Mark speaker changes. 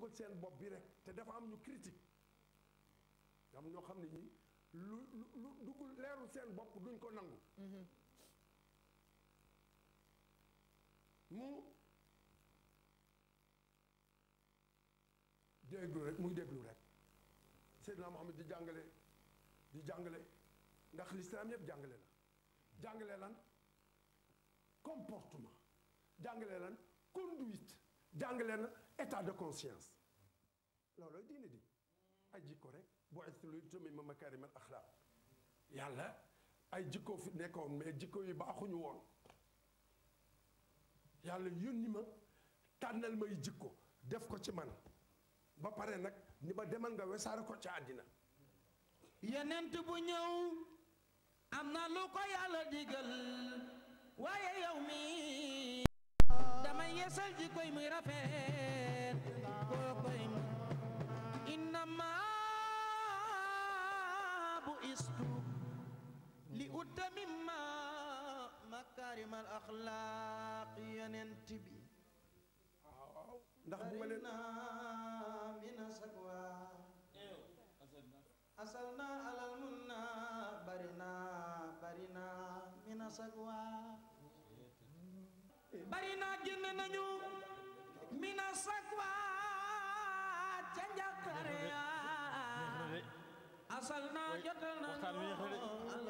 Speaker 1: dugal sen de bi rek te dafa am ñu critique am ñoo xamni lu duñ ko nangu mu rek muy rek di di l'islam la lan comportement lan conduite jàngale na état de conscience loolooy diine di ay jikko rek boo ay lu utammima makaarimal axlaaq yàlla ay jikko fi nekkoon mais jikko yi baaxuñu woon yàlla yónni ma tànnal may jikko def ko ci man ba pare nag ni ma demal nga wesaare ko ci
Speaker 2: àddina yenent bu ñëw am na lu ko yàlla digal waaye yow mi damay yeesal jikko yi muy rafet budda mimma makaarimal axlaaq yonent bi ndax bu ma leen min asakwa asal naa alal mun naa bari naa bari naa min asakwa bari naa génn nañu min asakwa ca njàqare asal naa jotal nañu